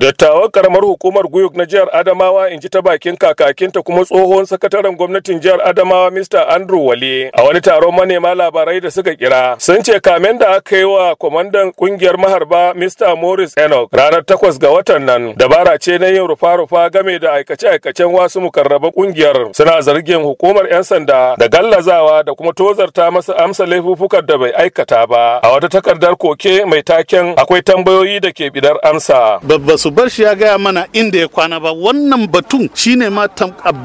Dattawan karamar hukumar Guyuk na jihar Adamawa in ji ta bakin kakakinta kuma tsohon sakataren gwamnatin jihar Adamawa Mr. Andrew Wale a wani taron manema labarai da suka kira. Sun ce kamen da aka yi wa kwamandan kungiyar maharba Mr. Morris Enoch ranar takwas ga watan nan dabara ce na yin rufa-rufa game da aikace-aikacen wasu mukarraba kungiyar suna zargin hukumar 'yan sanda da gallazawa da kuma tozarta masa amsa laifuffukan da bai aikata ba. A wata takardar koke mai taken akwai tambayoyi da ke bidar amsa. su bar shi ya gaya mana inda ya kwana ba wannan batun shine ma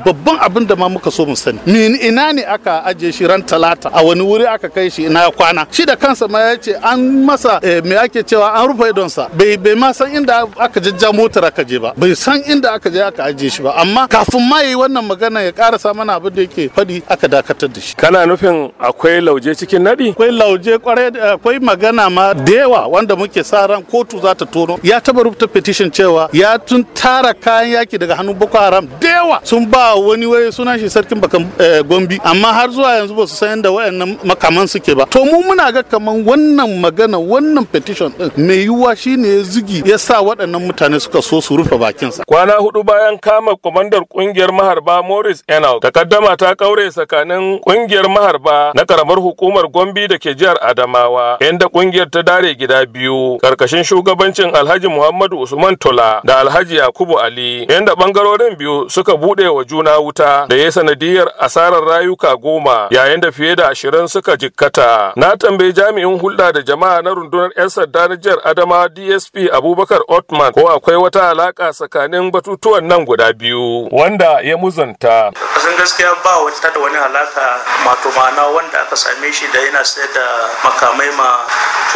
babban abin da ma muka so mu sani min ina ne aka ajiye shi ran talata a wani wuri aka kai shi ina ya kwana shi da kansa ma ya ce an masa eh, me ake cewa an rufe idonsa bai bai ma san inda aka jajja motar aka je ba bai san inda aka je aka aje shi ba amma kafin ma yi wannan magana ya karasa mana abin da yake faɗi aka dakatar da shi kana nufin akwai lauje cikin nadi akwai lauje kwarai akwai magana ma da yawa wanda muke sa ran kotu za ta tono ya taba rubuta petition cewa ya tun tara kayan yaki daga hannun boko haram da yawa sun ba wani waye sunan shi sarkin bakan eh, gombi amma har zuwa yanzu ba su san yadda wayannan makaman suke ba to mu muna ga kaman wannan magana wannan petition din mai yiwuwa shine ya zugi ya sa waɗannan mutane suka so su rufe bakinsa kwana hudu bayan kama kwamandar kungiyar maharba morris enau takaddama ta kaure tsakanin kungiyar maharba na karamar hukumar gombi da ke jihar adamawa inda kungiyar ta dare gida biyu karkashin shugabancin alhaji muhammadu usman tola da Alhaji Yakubu Ali yanda bangarorin biyu suka bude wa juna wuta da ya sanadiyar asarar rayuka goma yayin da fiye da ashirin suka jikkata. Na tambayi jami'in hulɗa da jama'a na rundunar 'yan sanda na jihar Adama DSP Abubakar Otman ko akwai wata alaka tsakanin batutuwan nan guda biyu wanda ya muzanta. Kasan gaskiya ba wata da wani alaka mato ma'ana wanda aka same shi da yana sayar da makamai ma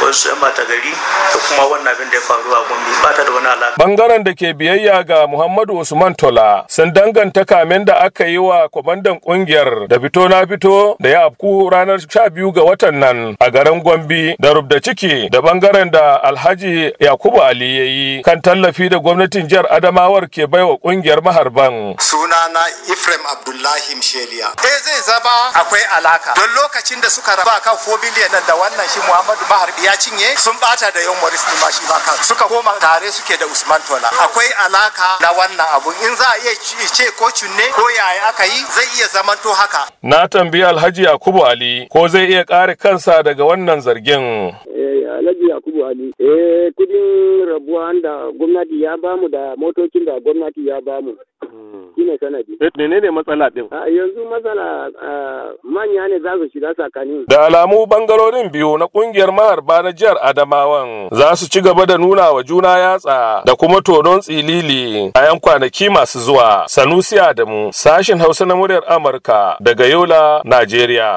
wasu 'yan bata gari da kuma wannan abin da ya faru a gombe ba ta da wani alaka. Bangaren da ke biyayya ga Muhammadu Usman Tola sun danganta kamen da aka yi wa kwamandan kungiyar da fito na fito da ya afku ranar 12 ga watan nan a garin Gombe da rubda ciki da bangaren da Alhaji Yakubu Ali ya yi kan tallafi da gwamnatin jihar Adamawar ke baiwa kungiyar maharban. Sunana Ifrem Abdullahi mshelia Eh zai zaba akwai alaka. Don lokacin da suka raba kan 4 biliyan nan da wannan shi Muhammadu Maharbi ya cinye sun bata da yan Morris ma shi ma suka koma tare suke da Usman mantola akwai alaka na wannan abu in za a iya ce ko cunne ko yaya aka yi zai iya zamanto haka na tambayi alhaji yakubu ali ko zai iya kare kansa daga wannan zargin eh, Alhaji Yakubu Ali. Eh kudin rabuwa da gwamnati ya bamu da motocin da gwamnati ya bamu. Hmm. shine sanadi ne matsala din a ah, yanzu matsala ah, manya ne za su shiga tsakani da alamu bangarorin biyu na kungiyar maharba na jihar Adamawan za su ci gaba da nuna wa juna yatsa da kuma tonon tsilili a yan kwanaki masu zuwa Sanusi Adamu sashin Hausa na muryar Amurka daga Yola Najeriya